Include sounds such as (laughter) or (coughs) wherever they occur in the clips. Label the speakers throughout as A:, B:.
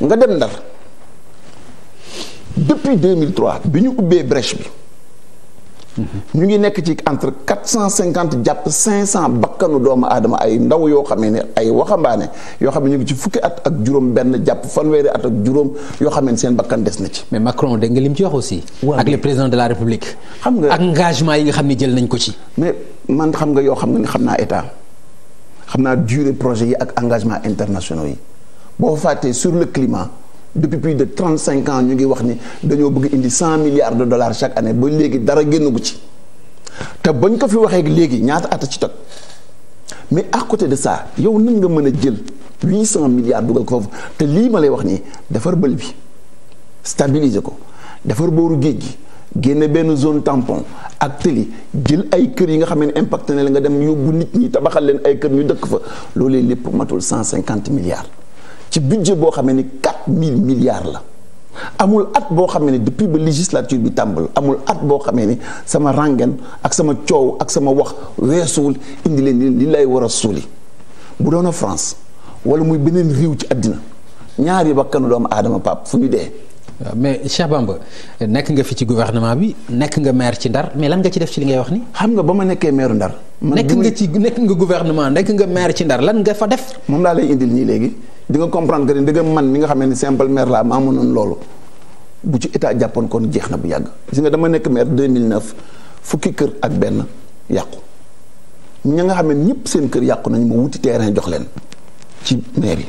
A: nga dem ndar depuis 2003 bi ñu ubbee brèche bi. ñu ngi nekk ci entre quatre cent cinquante jàpp cinq cent bakkanu doomu aadama ay ndaw yoo xamee ne ay waxambaane yoo xam ne ñu ngi ci fukki at ak juróom benn jàpp fanweeri at ak juróom yoo xam ne seen bakkan des na ci. mais Macron dégg nga lim ci wax aussi. ak le président de la république. xam nga ak engagement yi nga xam ni jël nañ ko ci. mais man xam nga yoo xam nga ni xam naa état xam naa durée projet yi ak engagement internationaux yi. boo fàttee sur le climat depuis plus de trente cinq ñu ngi wax ni dañoo bëgg indi cent milliards de dollars chaque année ba léegi dara génn génnagu ci te bañ ko fi waxee léegi ñaata at ci toj mais à côté de ça yow nañ nga mën a jël huit cent milliards dugal ko foofu te lii ma lay wax nii defar bël bi stabiliser ko defar booru géej gi génne benn zone tampon ak tëli jël ay kër yi nga xam ne impacté na la nga dem yóbbu nit ñi tabaxal leen ay kër ñu dëkk fa loolee lépp matul cent cinquante milliards. ci budget boo xamee ni 4000 milliards la amul at boo xamee ni depuis ba législature bi tàmbal amul at boo xamee ni sama ràngen ak sama coow ak sama wax weesuwul indi leen li lay war a suuli bu doon a France wala muy beneen réew ci àddina ñaari bakkanu doomu aadama pap fu ñu dee. Euh, mais Cheikh Bamba nekk nga fi ci gouvernement bi
B: nekk nga maire ci Ndar mais lan nga ci def ci li ngay wax ni xam nga ba ma nekkee maire Ndar. nekk nga ci nekk nga
A: gouvernement nekk nga maire ci Ndar lan nga fa def. moom laa lay indil nii léegi. di nga comprendre que ni man mi nga xam ne simple maire laa maa mënoon loolu bu ci état jàppoon kon jeex na bu yàgg gis nga dama nekk maire 2009 fukki kër ak benn yàqu ña nga xam ne ñëpp seen kër yàqu nañu ma wuti terrain jox leen ci maire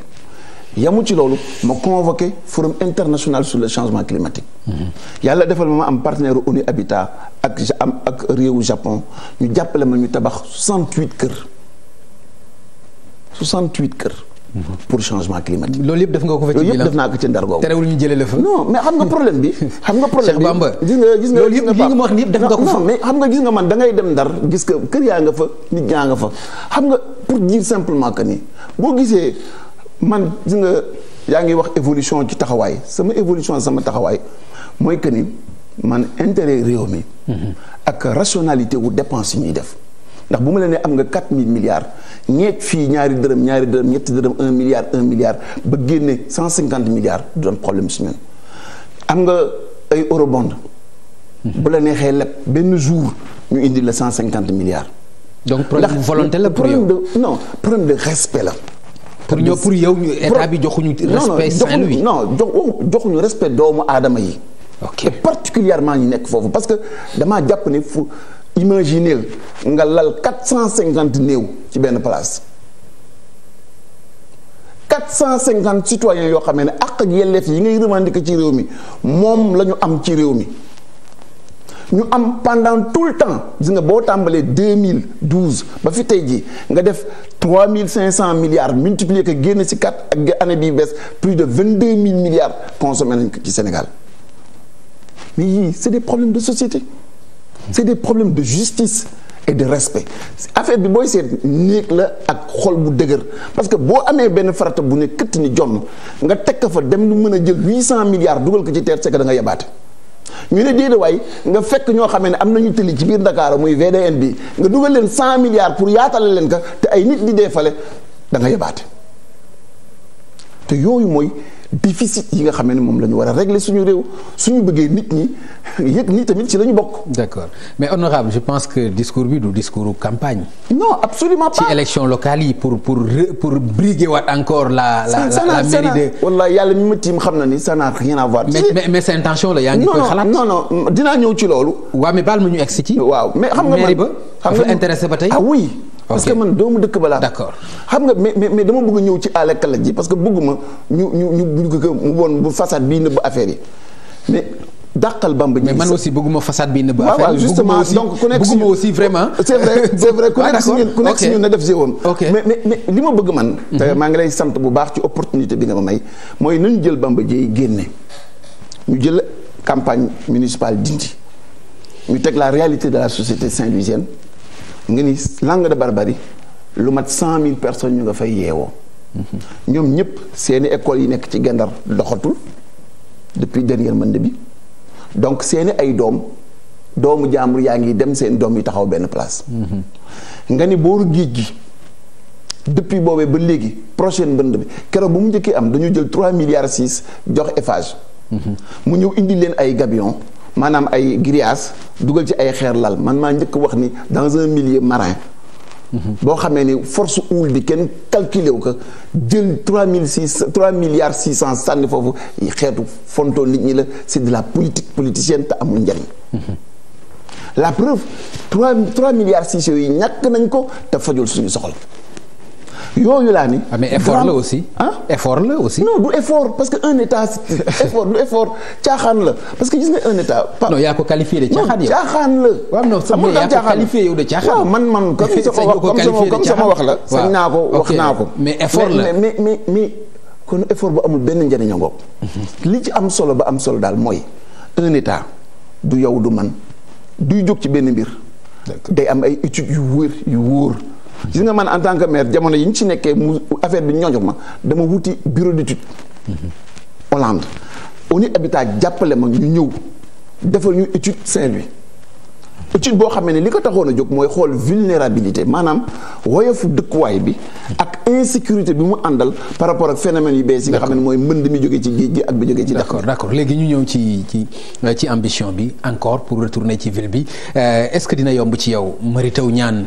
A: yi. yamu ci loolu ma convoqué forum international sur le changement climatique. Mm-hmm. yàlla defal ma ma am partenaire ONU Habitat ak am ak réewu Japon ñu jàppale ma ñu tabax 68 kër 68 kër. pour changement climatique. loolu yëpp def nga ko fa ci bilan loolu yëpp def naa ko ci ndar googu. terewul ñu jëlee la fa. non mais xam nga problème bi. (laughs) xam nga problème bi Cheikh Bamba gis fa. non mais xam nga gis nga man da dem ndar gis que kër yaa nga fa nit ñaa nga fa xam nga pour dire simplement que ni boo gisee man gis nga yaa ngi wax évolution ci taxawaay sama évolution sama taxawaay mooy que ni man intérêt réew mi. Mhm. ak rationalité wu dépense yi ñuy def. ndax bu ma leen ne am nga 4000 milliards ñeeg fii ñaari dërëm ñaari dërëm ñetti dërëm 1 milliard 1 milliard ba génne 150 milliards du doon problème si ñun am nga ay eurobond bu la neexee leb benn jour ñu indi la 150 milliards. donc problème de volonté la pour yow problème de respect la. pour ñoo pour yow ñu état bi joxuñu. respect Saint-Louis oh, joxuñu respect doomu aadama yi. ok particulièrement ñu nekk foofu parce que damaa jàpp ne fu. imaginer nga lal quatre cent cinquante néew ci benn place quatre cent cinquante citoyens yoo xamee ne àq ak yelleef yi ngay revendiquer ci réew mi moom la ñu am ci réew mi ñu am pendant tout le temps gis nga boo tàmbalee 2012 ba fi tey jii nga def 3500 milliards multiplier ko génn si kat ak année bii bees plus de 22000 milliards consommé nañ ko ci Sénégal mais yii c'est des problèmes de société c'est des problèmes de justice et de respect affaire bi booy seet néeg la ak xol bu dëgër parce que boo amee benn farata bu ne këtt ni jonn nga teg ko fa dem lu mën a jël huit cent milliards dugal ko ci terre c'est que da nga yabaate. ñu ne déedéet waay nga fekk ñoo xamee ne am nañu tëli ci biir Dakar muy VDN bi nga dugal leen cent milliards pour yaatale leen ka te ay nit di dee fale da nga yabaate te yooyu mooy. déficit yi nga xam ne moom la ñu war a régler suñu réew suñu bëggee nit ñi yëg nii tamit ci la ñu bokk. d'accord mais
B: honorable je pense que discours bi du discours campagne.
A: non absolument pas ci
B: élection locale yi pour pour pour briguer waat encore la la la mairie de.
A: wallaahi yàlla mi ma tiim xam na ni ça n'a rien à voir.
B: mais sa intention
A: la yaa ngi koy xalaat non dinaa ñëw ci loolu. waaw mais baal ma ñu egg si ci. waaw mais xam na man mairie ba. dafa intéressé ba tey ah oui. parce que man doomu dëkk balaa. d'accord xam nga mais mais dama bëgg ñëw ci àll kala ji parce que bëgguma ñu ñu ñu buñ ko mu woon bu façade bii nëbb affaire yi mais. dàqal bamba mais man aussi bëgguma façade bi nëbb ah, affaire bi justement donc ku nekk aussi vraiment. (laughs) c'est vrai c'est vrai ku (laughs) ah, nekk si maa ngi lay sant bu baax ci opportunité bi nga ma may mooy nañu jël bamba jéey génne ñu jël campagne municipale dindi ñu teg la réalité de la société saint-louisienne nga ni langue de barbarie lu mat cent mille personnes ñu nga fay yeewoo. ñoom ñëpp seeni écoles yi nekk ci gendar doxatul depuis dernière mande bi donc seeni ay doom doomu jaambur yaa ngi dem seen doom yi taxaw benn place. nga ni boo géej gi depuis boobee ba léegi prochaine mbënd bi keroog bu mu njëkkee am dañu jël trois milliards six jox Eiffage. Mhm. mu ñëw indi leen ay gabion maanaam ay grillage dugal ci ay xeer lal man maa njëkk wax ni dans un milieu marin. boo xamee ni force houle bi kenn calculer wu ko jël trois mille six trois milliards six cent sànni foofu xeetu fonto nit ñi la c'est de la politique politicienne te amul njariñ. la preuve trois trois milliards six yooyu ñàkk nañ ko te fajul suñu soxla. yooyu laa ni. Ah, mais effort la aussi. ah la aussi. non du effort parce que un état (laughs) effort du effort caaxaan la parce que gis nga un état. non yaa ko qualifié de caaxaan la. waaw non sama yaa man man (laughs) comme sama wax la. sañ naa ko wax naa ko. mais effort la mais mais kon effort bu amul benn njëriñ ngoog. Mhm. li ci am solo ba am solo daal mooy un état du yow du man duy jóg ci benn mbir. day am ay études yu wër yu wóor. gis nga man en tant que maire jamono yi ñu ci nekkee mu affaire bi ñooñu ma dama wuti bureau d'étude mm-hmm. Hollande ONU Habitat jàppale ma ñu ñëw defal ñu étude Saint-Louis étude boo xamee ne li ko taxoon a jóg mooy xool vulnérabilité maanaam woyofu dëkkuwaay bi ak insécurité bi mu àndal par rapport ak phénomène yu bees yi nga xam ne mooy mbënd mi jógee ci géej gi ak bi jógee ci d'accord
B: d'accord léegi ñu ñëw ci ci ci ambition bi encore pour retourner ci ville bi euh, est-ce que dina yomb ci yow Mary Teuw Niane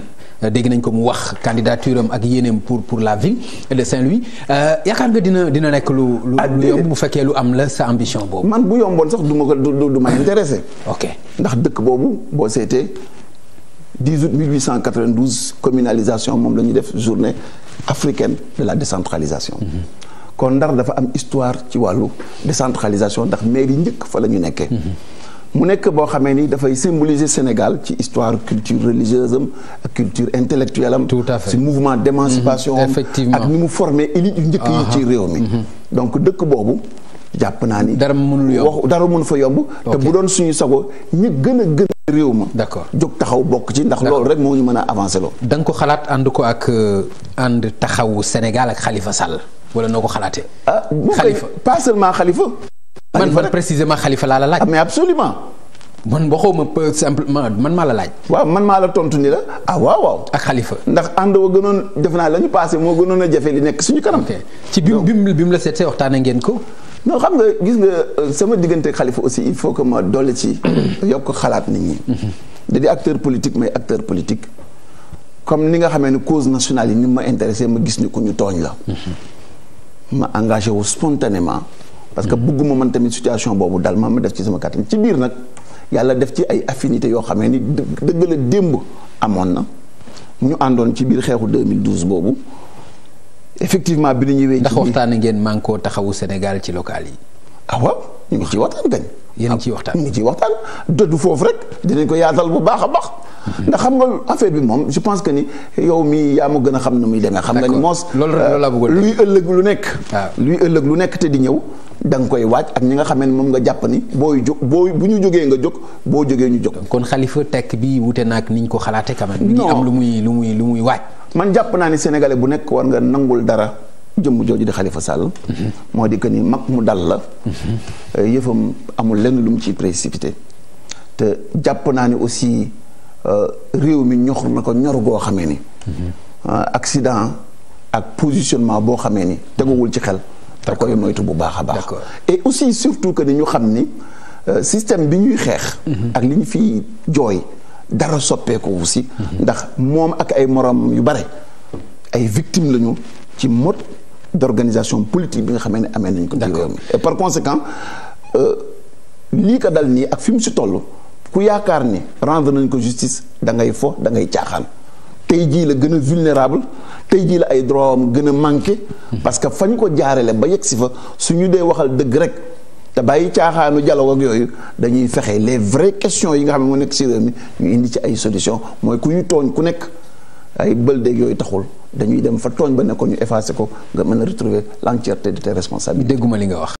B: dégg nañ ko mu wax candidature am ak yéeneem pour pour la ville de Saint-Louis euh, yaakaar nga dina dina nekk lu. lu yomb bu fekkee lu am la sa ambition boobu.
A: man bu yomboon sax du ma ko du ma intéressé. ok ndax dëkk boobu boo seetee 18 1892 communalisation moom la ñuy def journée africaine de la décentralisation. Mhm. kon ndar dafa am histoire ci wàllu décentralisation ndax mairie njëkk fa la ñu nekkee. Mhm. mu nekk boo xamee ni dafay symboliser Sénégal ci histoire culture religieuse am ak culture intellectuelle am ci mouvement mhm. d'émancipation am ak ni mu formé élite yu njëkk yi ci réew mi mhm. donc dëkk boobu jàpp naa ni dara mënul yomb dara mënu fa yomb te bu doon suñu sago ñu gën a gën a réew ma d'accord jóg taxaw bokk ci ndax loolu rek moo ñu mën a avancé loo
B: danga ko xalaat ànd ko ak euh, ànd taxawu Sénégal ak xalifa Sall wala noo ko xalaatee ah xalifa pas seulement xalifa man man précisément xalifa laa la laaj. Ah, mais absolument man waxoo ma peu
A: man maa la laaj. waaw man maa la tontu ni la ah waaw waaw. ak xalifa ndax ànd gënoon def naa la ñu passé moo gënoon a jafe li nekk suñu kanam. ci bi mu bi mu la seetee waxtaane ngeen ko. non xam nga gis nga euh, sama diggante xalifa aussi il faut que ma doole si (coughs) yokk xalaat nit ñi. Mhm. da acteur politique mais acteur politique. comme ni nga xamee ni cause nationale yi ni ma intéressé ma gis ni ku ñu tooñ la. Mhm. ma engagé wu spontanément. parce que bëgguma man tamit situation boobu daal ma ma def ci sama kàttan ci biir nag yàlla def ci ay affinité yoo xamee ni dëgg la démb amoon na ñu àndoon ci biir xeexu 2012 boobu effectivement bi ñu ñëwee. ndax waxtaan ngeen mànkoo taxawu Sénégal ci local yi. ah waaw ñu ngi ciy waxtaan kañ. yéen ngi ciy ah, waxtaan ñu ngi ciy waxtaan dëddu foofu rek dinañ ko yaatal bu baax a baax. Mhm. ndax xam nga affaire bi moom je pense que ni yow mi yaa ma gën a xam na muy demee. xam nga ni moos. loolu euh, luy ëllëg lu nekk. Ah. luy ëllëg lu nekk te di ñëw. da nga koy waaj ak ñi nga xamee ne moom nga jàpp ni booy jóg booy bu ñu jógee nga jóg boo jógee ñu jóg.
B: kon xalifa tekk bi wute na ak ni ñu ko xalaatee quand même. non am lu muy lu muy lu muy waaj. man jàpp naa
A: ni bu nekk war nga nangul dara jëmm jooju di xalifa Sall. Mhm. moo di que ni mag mu dal la. Mhm. Euh, yëfam amul lenn lu mu ciy précipité. te jàpp naa ni aussi euh, réew mi ñox na ko ñor goo xamee ni. Mhm. Euh, accident ak positionnement boo xamee ni teguwul ci xel. da koy moytu bu baax a baax. et aussi surtout que ni ñu xam ni euh, système bi ñuy xeex. Mhm. ak li ñu fiy jooy dara soppeeku aussi. Mhm. ndax moom ak ay morom yu bare ay victimes lañu ci mode d'organisation politique bi nga xamee ne amee nañ ko. ci réew mi et par conséquent euh, lii ko dal nii ak fi mu si toll ku yaakaar ni rendre nañ ko justice da ngay fo da ngay caaxaan tey jii la gën a vulnérable. tey jii la ay droit am gën a manqué parce que fañ ko jaarale ba yegg si fa ñu dee waxal dëgg rek te bàyyi caaxaanu dialogue ak yooyu dañuy fexe les vraies questions yi nga xam ne moo nekk si réew mi ñu indi ci ay solution mooy ku ñu tooñ ku nekk ay bël déeg yooyu taxul dañuy dem fa tooñ ba ne ñu effacé ko nga mën a retrouver l'entièreté de tes responsabilités dégguma li nga wax